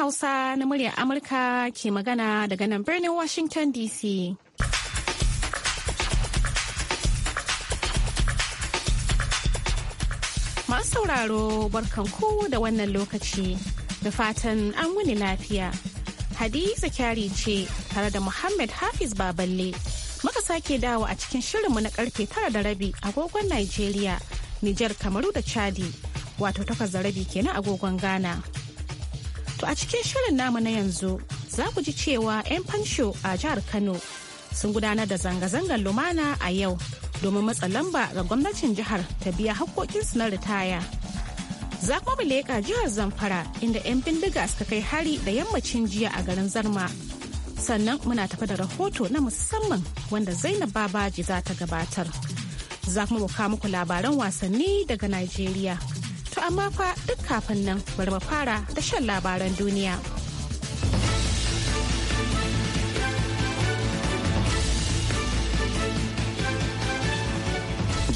Hausa na muryar Amurka ke magana daga nan birnin Washington DC. Masu sauraro barkanku da wannan lokaci da fatan an wuni lafiya. Hadiza kyari ce tare da Muhammad Hafiz Baballe. Muka sake dawo a cikin shirinmu na karfe tara da rabi agogon nigeria Nijar, Kamaru da Chadi, wato takwas da rabi kenan agogon Ghana. To a cikin shirin namu na yanzu za ku ji cewa 'yan fansho a jihar Kano sun gudanar da zanga-zangar lumana a yau domin matsa lamba ga gwamnatin jihar ta biya haƙƙoƙinsu na ritaya. Za kuma leƙa jihar Zamfara inda 'yan bindiga suka kai hari da yammacin jiya a garin Zarma. Sannan muna tafi da rahoto na musamman wanda Zainab Babaji za ta gabatar. Za kuma mu muku labaran wasanni daga Najeriya. To amma fa duk kafin nan bari mu fara da shan labaran duniya.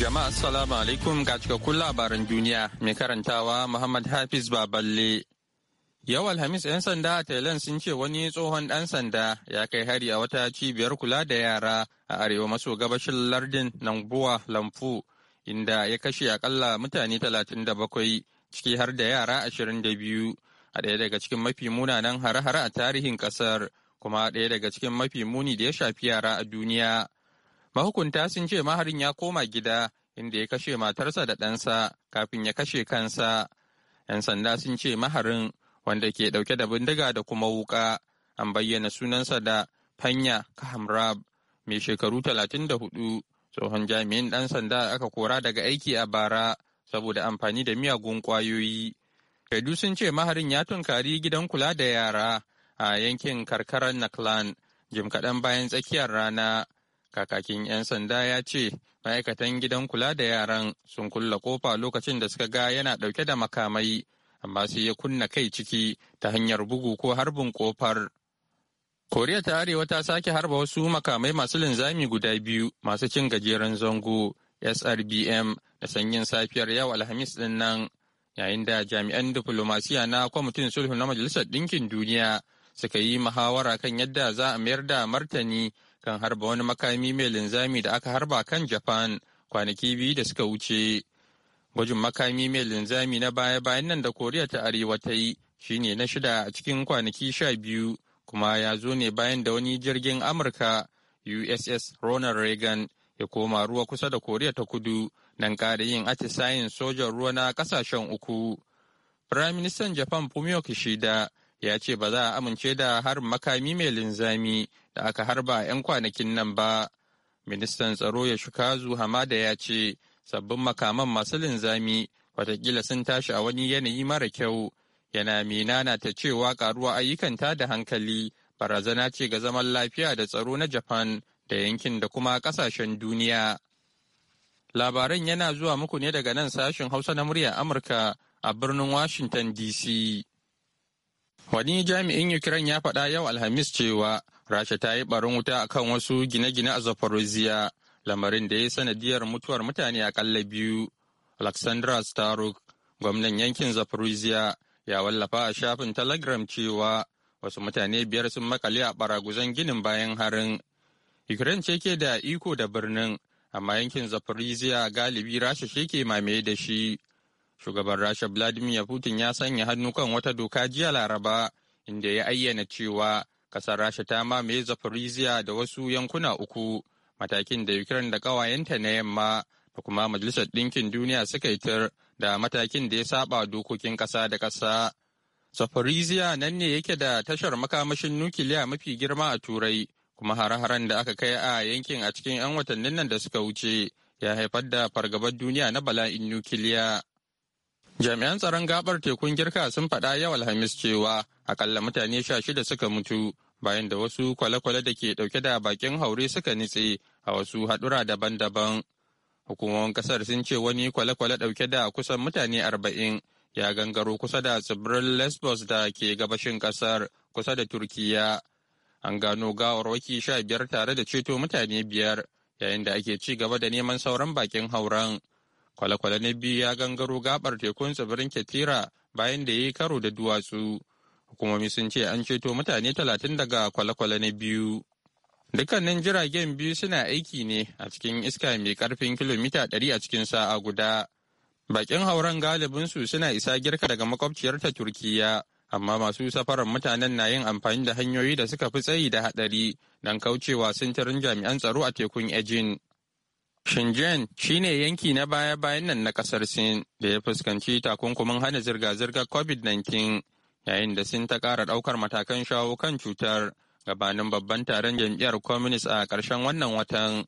Jama'a assalamu alaikum ga cikakkun labaran duniya mai karantawa Muhammad Hafiz Baballe. Yau Alhamis 'yan sanda a Thailand sun ce wani tsohon ɗan sanda ya kai hari a wata cibiyar kula da yara a arewa maso gabashin lardin Nangbuwa Lamfu inda ya kashe akalla mutane 37 ciki har da yara 22 a ɗaya daga cikin mafi munanan hare-hare a tarihin ƙasar kuma ɗaya daga cikin mafi muni da ya shafi yara a duniya. Mahukunta sun ce maharin ya koma gida inda ya kashe matarsa da ɗansa kafin ya kashe kansa. 'Yan sanda sun ce maharin wanda ke ɗauke da bindiga da kuma wuƙa an bayyana sunansa da Fanya Kahamrab mai shekaru 34 tsohon jami'in ɗan sanda aka kora daga aiki a bara saboda amfani da miyagun ƙwayoyi. Shaidu sun ce maharin ya tunkari gidan kula da yara a yankin karkarar Naklan jim kaɗan bayan tsakiyar rana. Kakakin 'yan sanda ya ce ma'aikatan gidan kula da yaran sun kulla kofa lokacin da suka ga yana ɗauke da makamai, amma sai ya kunna kai ciki ta hanyar bugu ko harbin kofar. Koriya ta Arewa ta sake harba wasu makamai masu linzami guda biyu masu cin gajeren zango SRBM da sanyin safiyar yau Alhamis din nan yayin da jami'an diflomasiya na kwamitin sulhu na Majalisar Ɗinkin Duniya suka yi muhawara kan yadda za a mayar da martani kan harba wani makami mai linzami da aka harba kan Japan kwanaki biyu da suka wuce. Gwajin makami mai linzami na baya-bayan nan da Koriya ta Arewa ta yi shine na shida a cikin kwanaki sha biyu kuma ya zo ne bayan da wani jirgin Amurka USS Ronald Reagan ya koma ruwa kusa da Koriya ta Kudu don kada yin atisayin sojan ruwa na kasashen uku. prime minister Japan Fumio Kishida ya ce ba za a amince da harin makami mai linzami da aka harba 'yan kwanakin nan ba. Ministan tsaro ya shuka Hamada ya ce sabbin makaman masu linzami watakila sun tashi a wani yanayi mara kyau yana na ta cewa karuwa ayyukan da hankali barazana ce ga zaman lafiya da tsaro na japan da yankin da kuma kasashen duniya labaran yana zuwa muku ne daga nan sashen hausa na murya amurka a birnin washington dc wani jami'in ukraine ya faɗa yau alhamis cewa rasha ta yi barin wuta kan wasu gine-gine a zaporozhia lamarin da ya sanadiyar mutuwar mutane a akalla biyu alexandra staruk gwamnan yankin zaporozhia ya wallafa a shafin telegram cewa wasu mutane biyar sun makale a baraguzan ginin bayan harin ukraine ce ke da iko da birnin amma yankin zaporizhia galibi rasha shi ke mamaye da shi shugaban rasha vladimir putin ya sanya hannu kan wata doka jiya laraba inda ya ayyana cewa kasar rasha ta mamaye zaporizhia da wasu yankuna uku matakin da ukraine da kawayenta na yamma da kuma majalisar ɗinkin duniya suka yi tar da matakin da ya saba dokokin ƙasa da ƙasa. Safarizia nan ne yake da tashar makamashin nukiliya mafi girma a Turai, kuma hare-haren da aka kai a yankin a cikin 'yan watannin nan da suka wuce ya haifar da fargabar duniya na bala'in nukiliya. Jami'an tsaron gabar tekun girka sun faɗa yau Alhamis cewa akalla mutane sha shida suka mutu bayan da wasu kwale-kwale da ke ɗauke da bakin haure suka nitse a wasu haɗura daban-daban. Hukumomin kasar sun ce wani kwale-kwale dauke da kusan mutane arba'in ya gangaro kusa da tsibirin Lesbos da ke gabashin kasar kusa da Turkiya. An gano gawarwaki sha biyar tare da ceto mutane biyar yayin da ake ci gaba da neman sauran bakin hauren. Kwale-kwale na biyu ya gangaro gabar tekun tsibirin Ketira bayan da ya yi karo da duwatsu. Hukumomi sun ce an ceto mutane talatin daga kwale-kwale na biyu. Dukkanin jiragen biyu suna aiki ne a cikin iska mai karfin kilomita 100 a cikin sa'a guda. Bakin hauren galibinsu suna isa girka daga makwabciyar ta Turkiyya, amma masu safarar mutanen na yin amfani da hanyoyi da suka fi tsayi da haɗari don kaucewa sintirin jami'an tsaro a tekun Ejin. Shenzhen shi ne yanki na baya-bayan nan na kasar Sin da ya fuskanci takunkumin hana zirga-zirgar COVID-19 yayin da Sin ta ƙara ɗaukar matakan shawo kan cutar gabanin babban taron jam'iyyar communist a ƙarshen wannan watan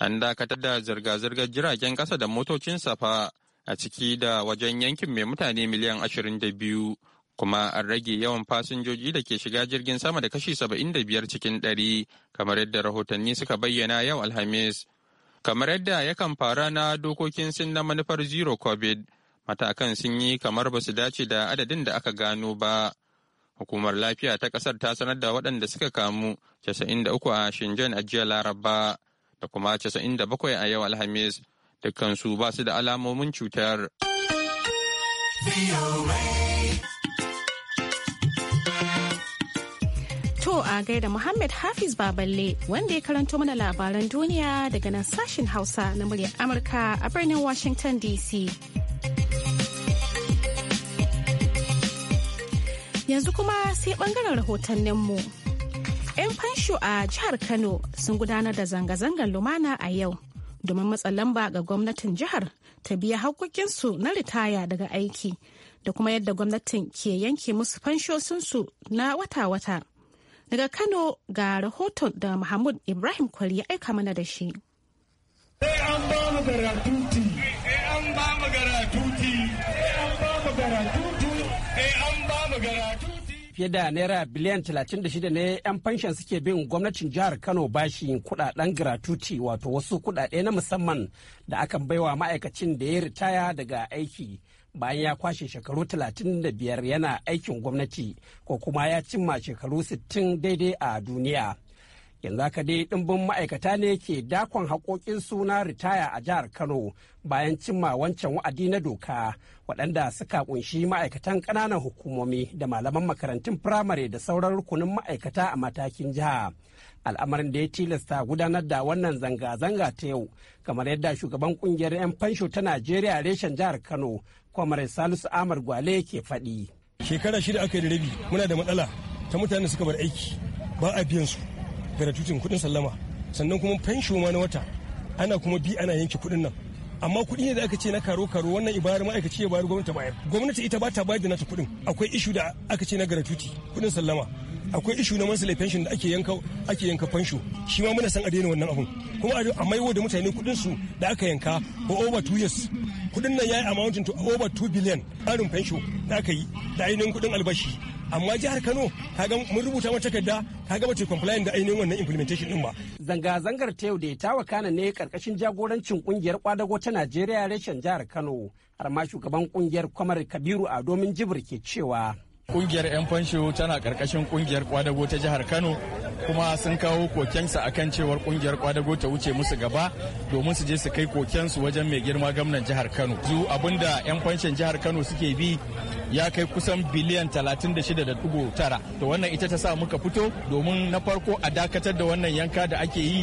an dakatar da zirga-zirgar jiragen ƙasa da motocin safa a ciki da wajen yankin mai mutane miliyan 22 kuma an rage yawan fasinjoji da ke shiga jirgin sama da kashi 75 cikin ɗari kamar yadda rahotanni suka bayyana yau alhamis kamar yadda yakan fara na dokokin sun na manufar zero covid matakan sun yi kamar ba su dace da adadin da aka gano ba Hukumar lafiya ta kasar ta sanar da waɗanda suka kamu 93 a shinjan a jiya Laraba da kuma 97 a yau Alhamis dukkansu ba su da alamomin cutar. To a gaida Muhammad Hafiz Baballe wanda ya karanto mana labaran duniya daga nan sashen Hausa na muryar Amurka a birnin Washington DC. Yanzu kuma sai bangaren mu. 'Yan fansho a jihar Kano sun gudanar da zanga-zangar lumana a yau domin matsa lamba ga gwamnatin jihar ta biya haƙoƙinsu na ritaya daga aiki da kuma yadda gwamnatin ke yanke musu fanshosinsu na wata-wata. Daga Kano ga rahoton da Mahmud Ibrahim Kwari ya aika mana da shi. Sai an ba mu garatuti. Sai an ba mu garatuti. fiye da naira biliyan 36 ne 'yan fanshan suke bin gwamnatin jihar kano bashi kudaden gratuti wato wasu kudade na musamman da akan baiwa ma'aikacin da ya ritaya daga aiki bayan ya kwashe shekaru 35 yana aikin gwamnati ko kuma ya cimma shekaru 60 daidai a duniya yanzu haka dai ɗimbin ma'aikata ne ke dakon haƙoƙin suna ritaya a jihar kano bayan cimma wancan wa'adi na doka waɗanda suka kunshi ma'aikatan ƙananan hukumomi da malaman makarantun firamare da sauran rukunin ma'aikata a matakin jiha al'amarin da ya tilasta gudanar da wannan zanga-zanga ta yau kamar yadda shugaban kungiyar 'yan fansho ta najeriya reshen jihar kano kwamar salisu amar gwale ke faɗi shekara shida aka yi da rabi muna da matsala ta mutane suka bar aiki ba a biyan su gratuitin kuɗin sallama sannan kuma fensho ma na wata ana kuma bi ana yanke kuɗin nan amma kuɗi ne da aka ce na karo karo wannan ibarar ma'aikaci ya bayar gwamnati bayar gwamnati ita ba ta bayar da nata kuɗin akwai ishu da aka ce na gratuity kuɗin sallama akwai ishu na monthly pension da ake yanka ake yanka shi ma muna san a daina wannan abun kuma a maiwo da mutane kuɗin su da aka yanka for over two years kuɗin nan yayi amounting to over two billion tsarin fansho da aka yi da ainihin kuɗin albashi amma jihar Kano kaga mun rubuta mata takarda kaga ba ta compliant da ainihin wannan implementation din ba zanga zangar ta yau da ta wakana ne karkashin jagorancin kungiyar kwadago ta Najeriya reshen jihar Kano har ma shugaban kungiyar Kwamar Kabiru a domin jibir ke cewa kungiyar 'yan fansho tana karkashin kungiyar kwadago ta jihar kano kuma sun kawo kokensa kan cewar kungiyar kwadago ta wuce musu gaba domin su je su kai kokensu wajen mai girma gwamnan jihar kano zu abinda 'yan fanshin jihar kano suke bi ya kai kusan biliyan 36.9 to wannan ita ta sa muka fito domin na farko a dakatar da wannan yanka da ake yi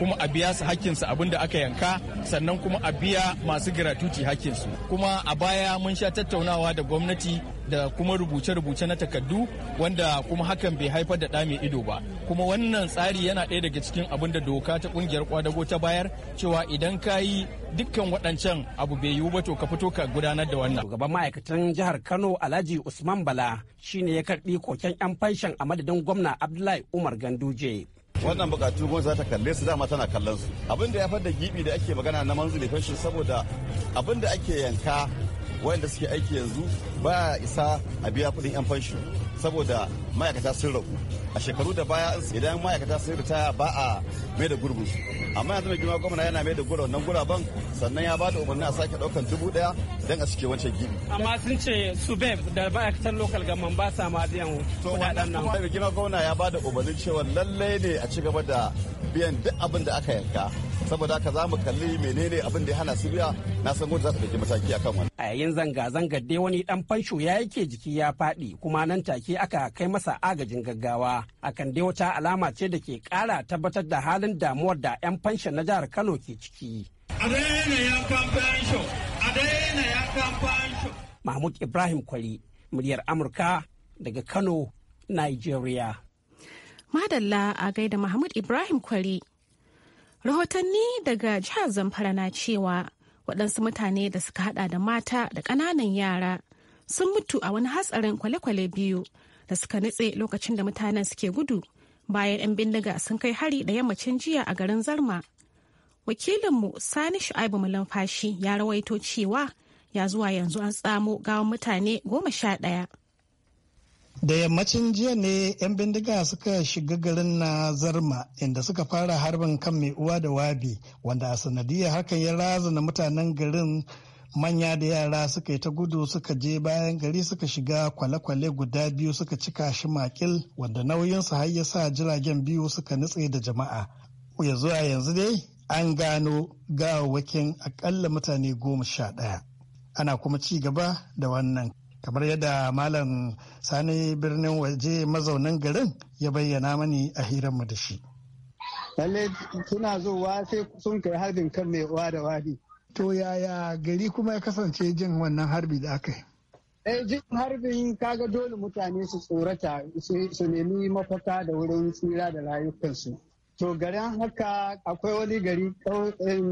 kuma a biya su hakkinsu abin da aka yanka sannan kuma a biya masu giratuti hakkinsu kuma a baya mun sha tattaunawa da gwamnati da kuma rubuce-rubuce na takardu wanda kuma hakan bai haifar da ɗa ido ba kuma wannan tsari yana ɗaya daga cikin abin da doka ta ƙungiyar kwadago ta bayar cewa idan ka yi dukkan waɗancan abu bai yiwu ba to ka fito ka gudanar da wannan. Shugaban ma'aikatan jihar Kano Alhaji Usman Bala shine ya karɓi koken 'yan fanshan a madadin gwamna Abdullahi Umar Ganduje. wannan bukatu gwamnati za ta kalle su dama tana kallon su abin ya fadda gibi da ake magana na manzuli fashin saboda abin ake yanka wayanda suke aiki yanzu ba isa a biya kudin yan fashin saboda ma'aikata sun ragu a shekaru da baya idan ma'aikata sun ta ba a mai da gurbin su amma yanzu mai girma gwamna yana mai da gura wannan guraben sannan ya bada umarni a sake daukan dubu daya don a cike wancan gini. amma sun ce su bai da ma'aikatan lokal gaman ba sa ma biyan kudaden nan mai girma gwamna ya bada umarnin cewa lallai ne a ci gaba da biyan duk abin da aka yanka saboda haka za mu kalli menene abin da ya hana su biya na san gudu za su ɗauki mataki akan wani a yayin zanga zanga dai wani dan fansho ya yake jiki ya faɗi kuma nan take aka kai masa masa agajin gaggawa akan dai wata alama ce da ke kara tabbatar da halin damuwar da 'yan fanshin na jihar kano ke ciki mahmud ibrahim kwari muryar amurka daga kano nigeria madalla a gaida mahmud ibrahim kwari rahotanni daga jihar zamfara na cewa waɗansu mutane da suka hada da mata da ƙananan yara sun mutu a wani hatsarin kwale-kwale biyu da suka nutse lokacin da mutanen suke gudu bayan 'yan bindiga sun kai hari da yammacin jiya a garin zarma wakilinmu sani shu'aibu malamfashi ya rawaito cewa ya zuwa yanzu an tsamo gawan mutane goma sha ɗaya da yammacin jiya ne 'yan bindiga suka shiga garin na zarma inda suka fara harbin kan mai uwa da wabi wanda a sanadiyar hakan ya razana mutanen garin manya da yara suka yi ta gudu suka je bayan gari suka shiga kwale-kwale guda biyu suka cika shi makil wanda nauyinsa har ya sa jiragen biyu suka nutse da jama'a ya zuwa yanzu dai an gano gawawakin akalla mutane goma sha ɗaya ana kuma ci gaba da wannan kamar yadda malam sani birnin waje mazaunin garin ya bayyana mani a hiranmu da shi Lallai suna zowa sai sun kai harbin kan mai uwa da wadi To yaya gari kuma ya kasance jin wannan harbi da aka yi? Eh, jin harbin kaga dole mutane su tsorata su nemi mafaka da wurin tsira da rayukansu. To garin haka akwai wani gari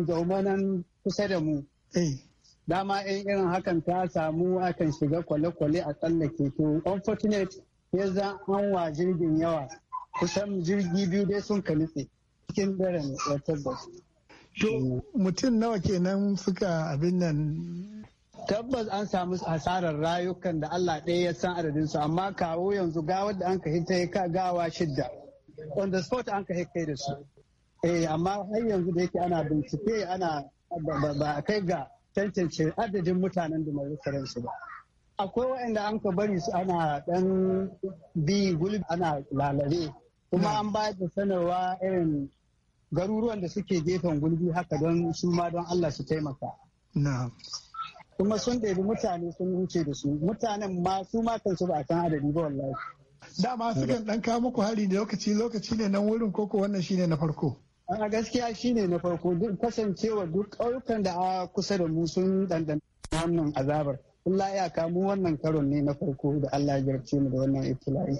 daumanan kusa da mu. Eh. Dama yan irin hakan ta samu akan shiga kwale-kwale a tsallake to unfortunate ya za an wa jirgin yawa kusan jirgi biyu dai sun kalitse cikin daren ya tabbas. mutum nawa kenan suka abin nan tabbas an samu hasarar rayukan da Allah ɗaya ya san adadinsu amma kawo yanzu gawar da an ka hita ya ka gawa shidda on the spot an ka kai da su eh amma har yanzu da yake ana bincike ana ba kai ga tantance adadin mutanen da mai su ba akwai waɗanda an ka bari su ana ɗan bi gulbi ana lalare kuma hmm. an ba da sanarwa irin garuruwan da suke gefen gulbi haka don su ma don Allah su taimaka. Kuma sun ɗabi mutane sun wuce da su mutanen ma su ma kansu ba a san adadi ba wallahi. Dama sukan ɗan kawo muku hari da lokaci lokaci ne nan wurin koko wannan shine na farko. A gaskiya shine na farko duk kasancewa duk ƙauyukan da a kusa da mu sun ɗanɗan wannan azabar. Allah ya kamu wannan karon ne na farko da Allah ya jarce mu da wannan ibtila'i.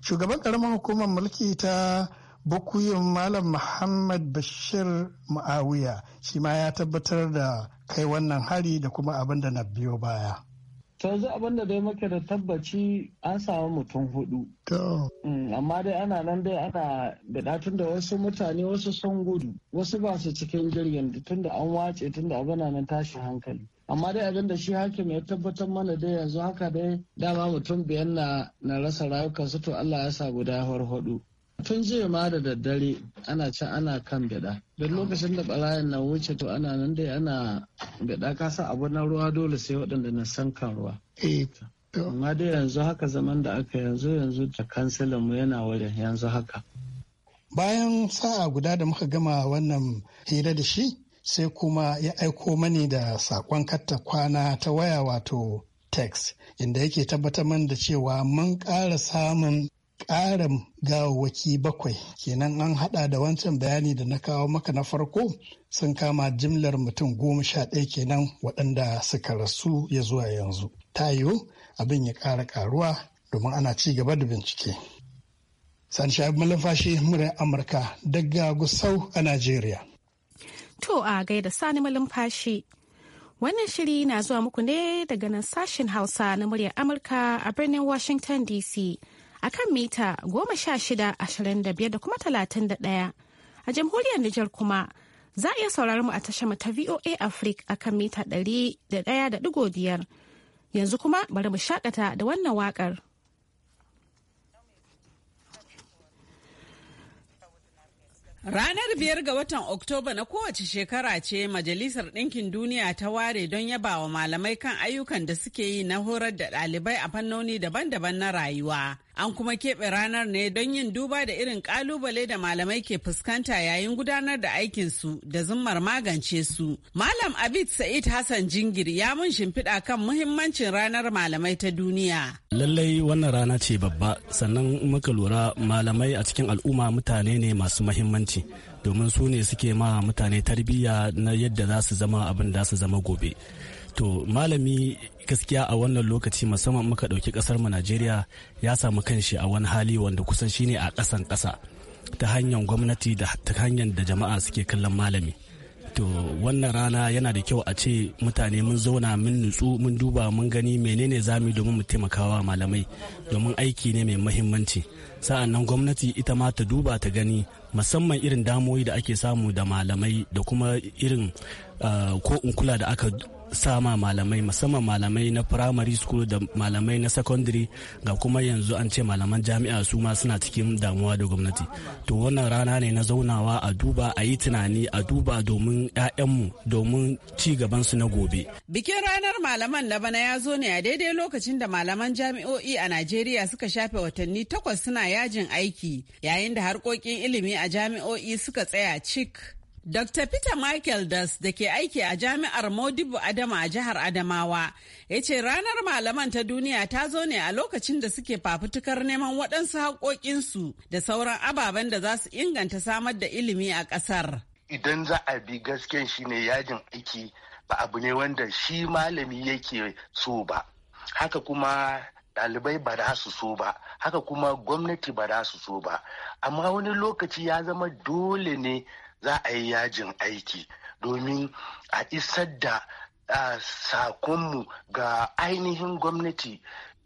Shugaban ƙaramin hukumar mulki ta bukuyin malam muhammad bashir ma'awiya shi ma ya tabbatar da kai wannan hari da kuma abin da na biyo baya to yanzu abin da dai muke da tabbaci an samu mutum hudu mm, amma dai ana nan dai ana da tun da wasu mutane wasu sun gudu wasu ba su cikin jirgin tun da an wace tun da abin nan tashi hankali amma dai abin da shi hakim ya tabbatar mana dai yanzu haka dai dama mutum biyan na rasa rayukansu to allah ya sa guda har tun jiya ma da daddare ana can ana kan gyaɗa, don lokacin da barayin na wuce to ana nan dai ana beda kasa abu na ruwa dole sai waɗanda na san kan ruwa eh, amma dai yanzu haka zaman da aka yanzu yanzu da kansilin mu yana wajen yanzu haka bayan sa'a guda da muka gama wannan hira da shi sai kuma ya aiko mani da sakon katta kwana ta waya wato text inda yake tabbatar man da cewa mun ƙara samun ƙara gawawwaki bakwai kenan an hada da wancan bayani da na kawo maka na farko sun kama jimlar mutum goma sha ɗaya kenan waɗanda suka rasu ya zuwa yanzu ta yiwu abin ya ƙara ƙaruwa domin ana ci gaba da bincike sani shabi malafashi muryar amurka daga gusau a najeriya to a gaida sani malumfashi Wannan shiri na zuwa muku ne daga nan sashen Hausa na muryar Amurka a birnin Washington DC a kan mita 1625 da kuma 31. A jamhuriyar Nijar kuma za a iya sauraron mu a tashar mu ta VOA Africa a kan mita 100.5. Yanzu kuma bari mu shakata da wannan waƙar. Ranar biyar ga watan Oktoba na kowace shekara ce Majalisar Ɗinkin Duniya ta ware don yabawa malamai kan ayyukan da suke yi na horar da ɗalibai a fannoni daban-daban na rayuwa. An kuma keɓe ranar ne don yin duba da irin ƙalubale da malamai ke fuskanta yayin gudanar da aikinsu da zummar magance su. Malam Abid Sa'id Hassan Jingir ya mun shimfiɗa kan muhimmancin ranar malamai ta duniya. Lallai wannan rana ce babba sannan muka lura malamai a cikin al'umma mutane ne masu muhimmanci. domin su ne suke ma mutane tarbiyya na yadda za su zama abin da su zama gobe. to malami gaskiya a wannan lokaci musamman muka ɗauki ƙasar mu najeriya ya samu kanshi a wani hali wanda kusan shine a ƙasan ƙasa ta hanyar gwamnati da ta hanyar da jama'a suke kallon malami to wannan rana yana da kyau a ce mutane mun zauna mun nutsu mun duba mun gani menene za mu domin mu taimakawa malamai domin aiki ne mai muhimmanci sa'an nan gwamnati ita ma ta duba ta gani musamman irin damoyi da ake samu da malamai da kuma irin ah, ko in kula da aka sama malamai musamman malamai na primary school da malamai na secondary ga kuma yanzu an ce malaman jami'a su ma suna cikin damuwa da gwamnati to wannan rana ne na zaunawa a duba a yi tunani a duba domin 'ya'yanmu domin ci gabansu na gobe bikin ranar malaman na bana ya zo ne a daidai lokacin da malaman jami'o'i a najeriya suka shafe watanni takwas suna yajin aiki yayin da harkokin ilimi a jami'o'i suka tsaya cik Dr. Peter Michael Das da ke aiki a jami'ar Modibo Adama a jihar Adamawa ya ce ranar malaman ta duniya ta zo ne a lokacin da suke fafutukar neman waɗansu haƙoƙinsu da sauran ababen da za su inganta samar da ilimi a ƙasar. Idan za a bi gasken shi ne yajin aiki ba abu ne wanda shi malami yake so ba. Haka kuma ɗalibai ba za su so ba haka kuma gwamnati ba za su so ba amma wani lokaci ya zama dole ne za a yi yajin aiki domin a isar da sakonmu ga ainihin gwamnati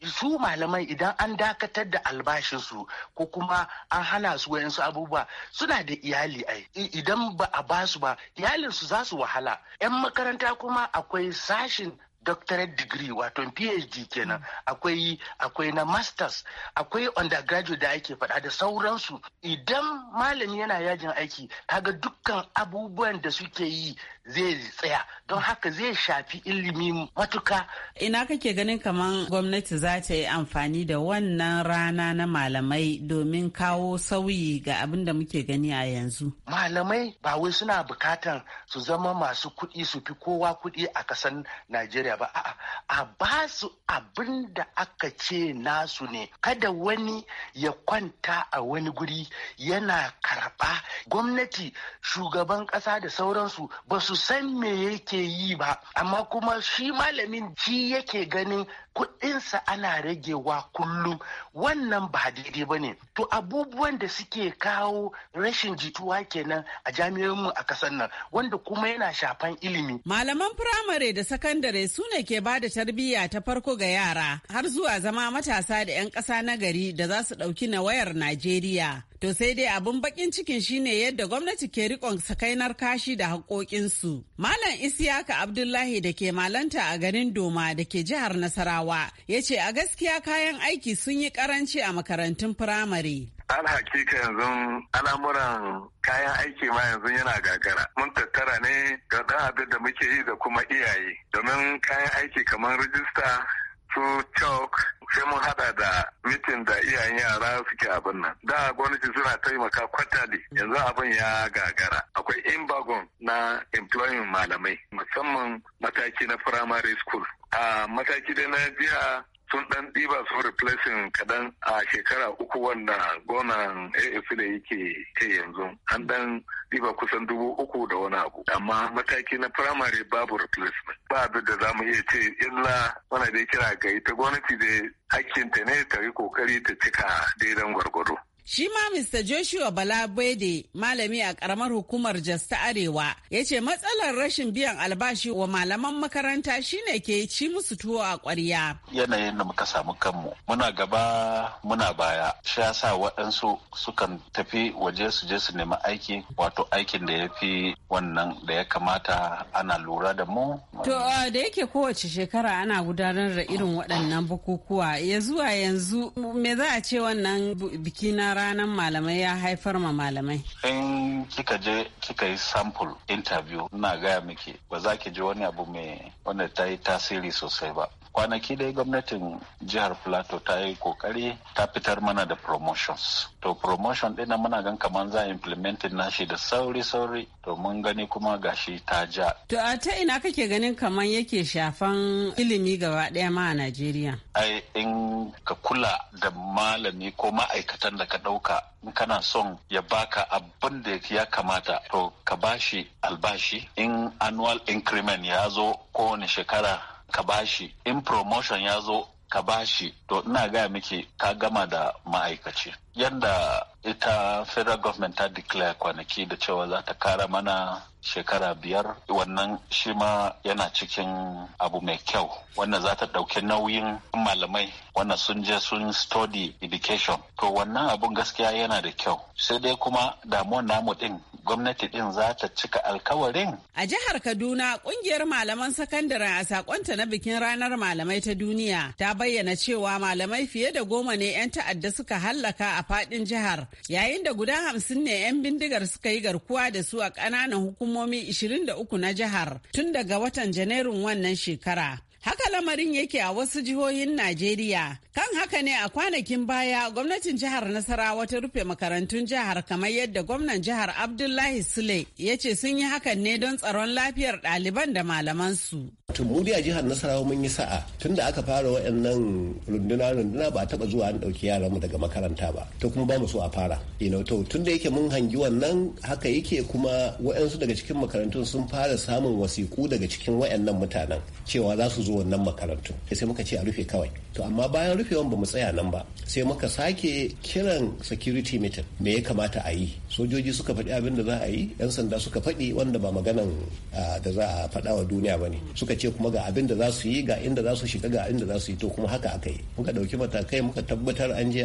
su malamai idan an dakatar da albashinsu ko kuma an hana su wayansu abubuwa suna da iyali ai idan ba a basu ba iyalinsu za su wahala 'yan makaranta kuma akwai sashin doctorate degree wato phd kenan akwai akwai na masters akwai undergraduate da ake faɗa da sauransu idan malami yana yajin aiki kaga dukkan abubuwan da suke yi zai tsaya don haka zai shafi ilimi matuka ina kake ganin kaman gwamnati za ta yi amfani da wannan rana na malamai domin kawo sauyi ga abin da muke gani a yanzu malamai ba wai suna bukatan su zama masu kuɗi su fi kowa kuɗi a kasan najeriya ba a'a a ba su abin da aka ce nasu ne kada wani ya kwanta a wani guri yana karɓa gwamnati shugaban ƙasa da sauransu ba su san me yake yi ba amma kuma shi malamin ji yake ganin kuɗinsa ana ragewa kullum wannan ba daidai ba ne to abubuwan da suke kawo rashin jituwa kenan a mu a ƙasar nan wanda kuma yana shafan ilimi malaman firamare da sakandare su ne ke ba da tarbiyya ta farko ga yara har zuwa zama matasa da 'yan ƙasa na gari da za su ɗauki na wayar najeriya to sai dai abin bakin cikin shine yadda gwamnati ke rikon sakainar kashi da haƙoƙinsu malam isiyaka abdullahi da ke malanta a garin doma da ke jihar nasarawa Jigawa ya ce a gaskiya kayan aiki sun yi karanci a makarantun firamare. alhakika yanzu al'amuran kayan aiki ma yanzu yana gagara mun tattara ne ga ɗan abin da muke yi da kuma iyaye domin kayan aiki kamar rijista su chalk sai mun haɗa da mitin da iyayen yara suke abin nan da gwamnati suna taimaka kwatali yanzu abin ya gagara akwai imbagon na employing malamai musamman mataki na primary school a mataki da na jiya sun dan ɗiba su replacing kaɗan a shekara uku wanda gonan AFC da yake kai yanzu an dan ɗiba kusan dubu uku da wani abu amma mataki na primary babu replacement ba abin da za mu iya ce illa wani da kira ga ita gwamnati da hakkinta ne ta yi kokari ta cika daidan gwargwado. Shi ma Mr. Joshua Balabede, malami a karamar hukumar Jos ta Arewa, ya ce matsalar rashin biyan albashi wa malaman makaranta shine ke ci musu tuwo a ƙwarya. Yanayin da muka samu kanmu, muna gaba muna baya, shi sa waɗansu sukan tafi waje su je su nemi aiki, wato aikin da ya fi wannan da ya kamata ana lura da mu. To da yake kowace shekara ana gudanar da irin waɗannan bukukuwa, ya zuwa yanzu me za a ce wannan biki na ranar malamai ya haifar ma malamai. In kika je kika yi sample interview na gaya miki ba za ki ji wani abu mai wanda ta yi tasiri sosai ba. kwanaki dai gwamnatin jihar plateau ta yi kokari ta fitar mana da promotions to promotion din nan muna gan kamar za implementin nashi da sauri sauri to mun gani kuma gashi ta ja to a ta ina kake ganin kamar yake shafan ilimi gaba daya ma a najeriya ai in ka kula da malami ko ma'aikatan da ka dauka in kana son ya baka abin da ya kamata to ka bashi albashi in annual increment ya zo kowane shekara ka bashi in promotion ya zo ka bashi to ina gaya miki ka gama da ma'aikaci yadda ita federal government ta declare kwanaki da cewa za ta kara mana shekara biyar wannan shi ma yana cikin abu mai kyau wannan za ta ɗauki nauyin malamai wannan sun je sun study education to wannan abun gaskiya yana da kyau sai dai kuma damuwan namu ɗin gwamnati din za ta cika alkawarin? A jihar Kaduna kungiyar malaman sakandare a sakonta na bikin ranar malamai ta duniya ta bayyana cewa malamai fiye da goma ne 'yan ta'adda suka hallaka a fadin jihar yayin da guda hamsin ne 'yan bindigar suka yi garkuwa da su a ƙananan hukumomi 23 na jihar tun daga watan Janairun wannan shekara. Haka lamarin yake a wasu jihohin Najeriya Kan haka ne a kwanakin baya gwamnatin jihar Nasarawa ta rufe makarantun jihar kamar yadda gwamnan jihar Abdullahi Sule ya ce sun yi hakan ne don tsaron lafiyar ɗaliban da malamansu. Tumuri a jihar Nasarawa mun yi sa'a tun da aka fara waɗannan runduna-runduna ba a taɓa zuwa an ɗauki mu daga makaranta ba to kuma ba mu so a fara. Ino to tun da yake mun hangi wannan haka yake kuma waɗansu daga cikin makarantun sun fara samun wasiku daga cikin waɗannan mutanen cewa za su zo wannan makarantun sai muka ce a rufe kawai to amma bayan rufe. rufewan ba mu tsaya nan ba sai muka sake kiran security meeting me ya kamata a yi sojoji suka faɗi abin da za a yi yan sanda suka faɗi wanda ba maganan da za a faɗa wa duniya ba ne suka ce kuma ga abin da za su yi ga inda za su shiga ga inda za su yi to kuma haka aka yi muka ɗauki matakai muka tabbatar an je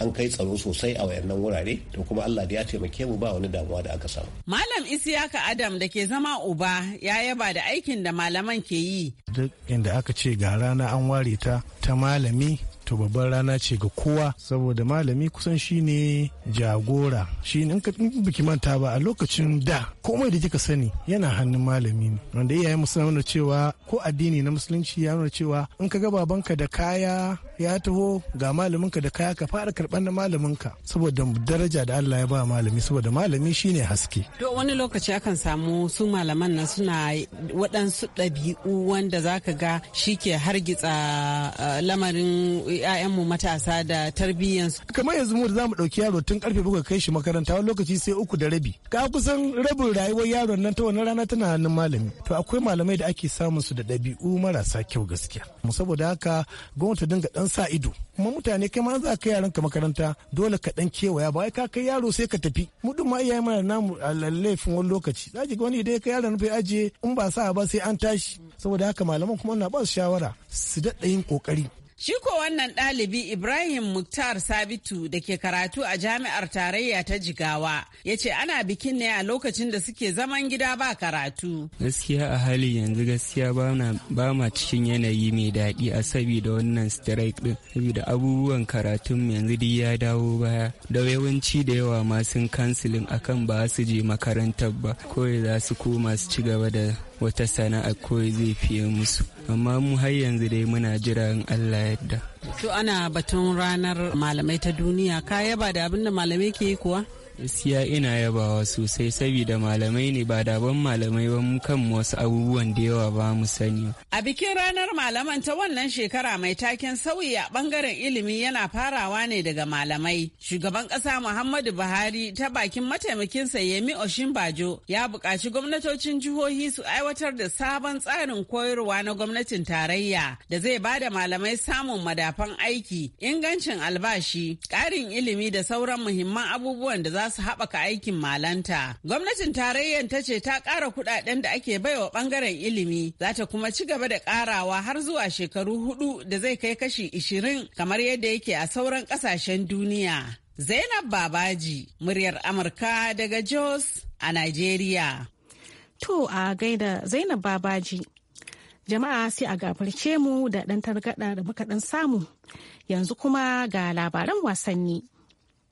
an kai tsaro sosai a wayannan wurare to kuma Allah da ya taimake mu ba wani damuwa da aka samu malam isiyaka adam da ke zama uba ya yaba da aikin da malaman ke yi duk inda aka ce ga rana an ware ta ta malami to babban rana ce ga kowa saboda malami kusan shine jagora shi in biki manta ba a lokacin da komai da kika sani yana hannun malami ne wanda iyayen musulmi da cewa ko addini na musulunci ya nuna cewa in ka ga babanka da kaya ya taho ga malaminka da kaya ka fara karban na malaminka saboda daraja da Allah ya ba malami saboda malami shine haske to wani lokaci akan samu su malaman nan suna waɗansu ɗabi'u wanda zaka ga shi ke hargitsa eh, lamarin ƴaƴanmu matasa da tarbiyyansu. kamar yanzu mu da za mu ɗauki yaro tun karfe bakwai kai shi makaranta wani lokaci sai uku da rabi ka kusan rabin rayuwar yaron nan ta wani rana tana hannun malami to akwai malamai da ake samun su da ɗabi'u marasa kyau gaskiya mu saboda haka gwamnati dinga ɗan sa ido kuma mutane kai ma za ka yaranka makaranta dole ka ɗan kewaya ba ka kai yaro sai ka tafi mu duk ma iyaye mana namu laifin wani lokaci za ki wani idan ya kai yaron bai ajiye in ba sa ba sai an tashi saboda haka malaman kuma na ba su shawara su daɗa yin ƙoƙari Shi ko wannan ɗalibi Ibrahim Muktar Sabitu da ke karatu a jami'ar tarayya ta Jigawa ya ce ana bikin ne a lokacin da suke zaman gida ba karatu. Gaskiya a hali yanzu gaskiya ba ma cikin yanayi mai daɗi a saboda wannan strike ɗin saboda abubuwan karatun yanzu duk ya dawo baya da yawanci da yawa ma sun kansilin akan ba su je makarantar ba kawai za su koma su ci gaba da wata sana'a ko zai fiye musu amma mu har yanzu dai muna jira in Allah yadda to ana batun ranar malamai ta duniya ka yaba da abin da malamai ke yi kuwa gaskiya ina yabawa sosai saboda malamai ne ba daban malamai ba mu kan wasu abubuwan da yawa ba mu sani a bikin ranar malaman ta wannan shekara mai taken sauyi a bangaren ilimi yana farawa ne daga malamai shugaban kasa muhammadu buhari ta bakin mataimakin sa yemi oshinbajo ya buƙaci gwamnatocin jihohi su aiwatar da sabon tsarin koyarwa na gwamnatin tarayya da zai ba da malamai samun madafan aiki ingancin albashi ƙarin ilimi da sauran muhimman abubuwan da za za su haɓaka aikin malanta. Gwamnatin tarayyar ta ce ta ƙara kuɗaɗen da ake baiwa ɓangaren ilimi za ta kuma ci gaba da ƙarawa har zuwa shekaru hudu da zai kai kashi ishirin kamar yadda yake a sauran ƙasashen duniya. Zainab Babaji, muryar Amurka daga Jos a Najeriya. To a gaida Zainab Babaji. Jama'a sai a gafarce mu da ɗan targaɗa da muka ɗan samu. Yanzu kuma ga labaran wasanni.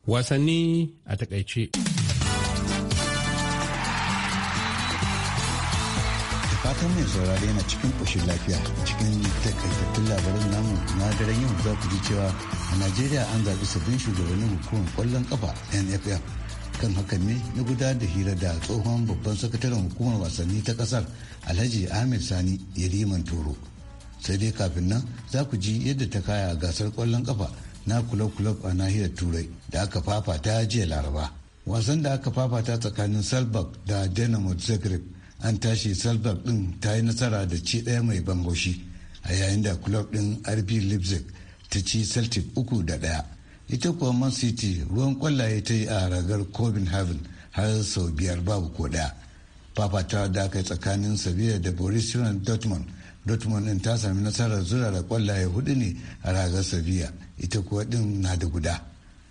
Wasanni a takaice. fatan mai saurari yana cikin ƙoshin lafiya cikin takaitattun labarin namu na daren yau za ku ji cewa a najeriya an zaɓi sabbin shugabannin hukumar ƙwallon ƙafa nff kan hakan ne na gudanar da hira da tsohon babban sakataren hukumar wasanni ta ƙasar alhaji ahmed sani yariman toro sai dai kafin nan za ku ji yadda ta kaya gasar ƙwallon ƙafa na kulob-kulob a nahiyar turai da aka fafata jiya laraba wasan da aka fafata tsakanin salbak da dynamo zagreb an tashi salbak din ta yi nasara da ci ɗaya mai bangoshi a yayin da kulob din rb leipzig ta ci celtic uku da ɗaya ita kuwa man city ruwan kwallaye ta yi a ragar copenhagen har sau biyar babu ko ɗaya fafata da aka yi tsakanin sevilla da borussia dortmund dortmund din ta sami nasarar zura da kwallaye hudu ne a ragar sevilla ita kuwa din na da guda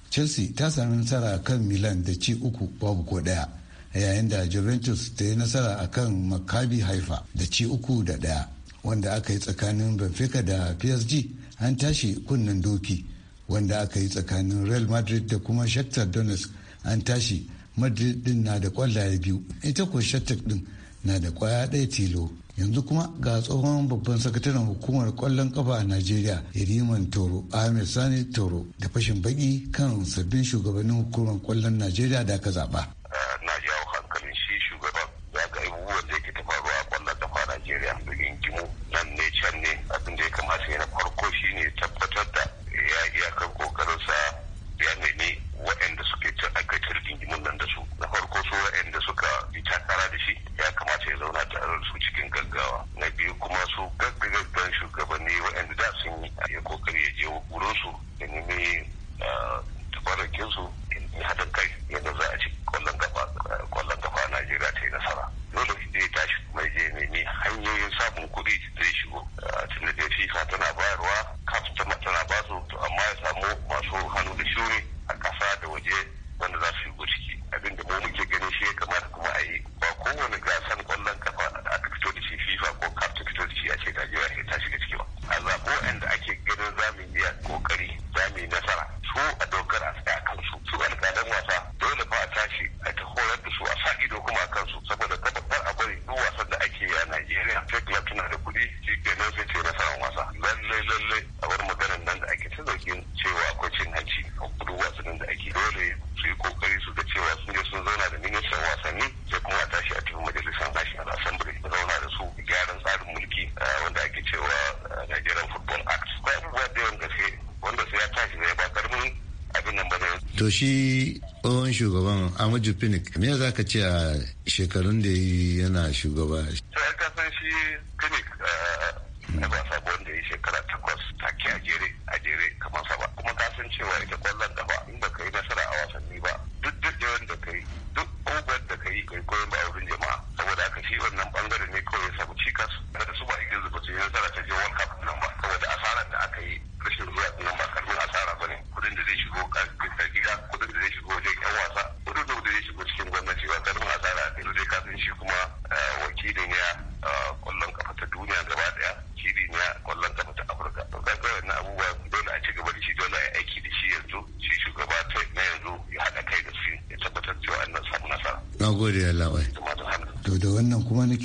chelsea ta sami nasara kan milan da ci uku babu ko daya yayin da juventus ta yi nasara akan kan maccabi haifa da ci uku da daya wanda aka yi tsakanin benfica da psg an tashi kunnen doki wanda aka yi tsakanin real madrid da kuma shakhtar donetsk an tashi madrid din na da kwallaye biyu ita ko shakhtar din na da kwaya ɗaya tilo yanzu kuma ga tsohon babban sakataren hukumar kwallon kafa a najeriya yariman toro ahmed sani toro da fashin baki kan sabbin shugabannin hukumar kwallon najeriya da aka zaba ko a dogara shi tsohon shugaban amadu pinik me za ka ce a shekarun da yana shugaba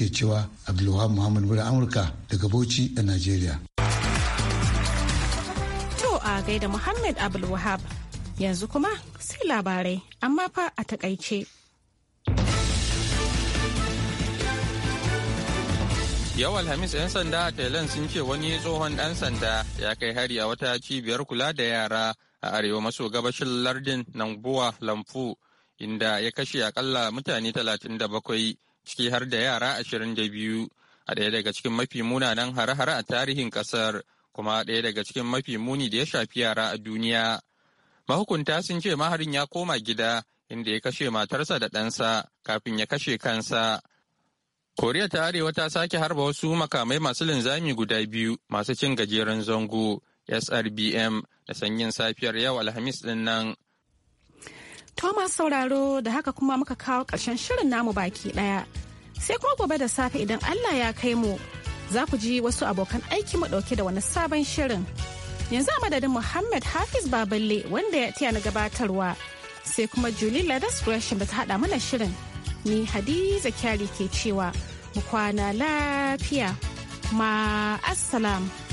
ke cewa Abdulwahab Muhammad Mura Amurka daga Bauchi a Najeriya. To a gaida Muhammad Abdulwahab yanzu kuma sai labarai amma fa a takaice. Yau Alhamis 'yan sanda a Thailand sun ce wani tsohon ɗan sanda ya kai hari a wata cibiyar kula da yara a arewa maso gabashin lardin Nangbuwa Lamfu inda ya kashe akalla mutane 37 ciki har da yara ashirin da biyu a ɗaya daga cikin mafi munanan hare-hare a tarihin ƙasar kuma ɗaya daga cikin mafi muni da ya shafi yara a duniya. Mahukunta sun ce maharin ya koma gida inda ya kashe matarsa da ɗansa kafin ya kashe kansa. Koriya ta Arewa ta sake harba wasu makamai masu linzami guda biyu masu cin gajeren zango SRBM da sanyin safiyar yau Alhamis ɗin nan Thomas sauraro da haka kuma muka kawo ƙarshen shirin namu baki ɗaya. Sai kuma gobe da safe idan Allah ya kai mu za ku ji wasu abokan aiki mu ɗauke da wani sabon shirin. Yanzu a madadin Muhammad Hafiz Baballe wanda ya taya na gabatarwa. Sai kuma Julie Ladas Gresham da ta haɗa mana shirin. Ni Hadiza Kyari ke cewa mu kwana lafiya. Ma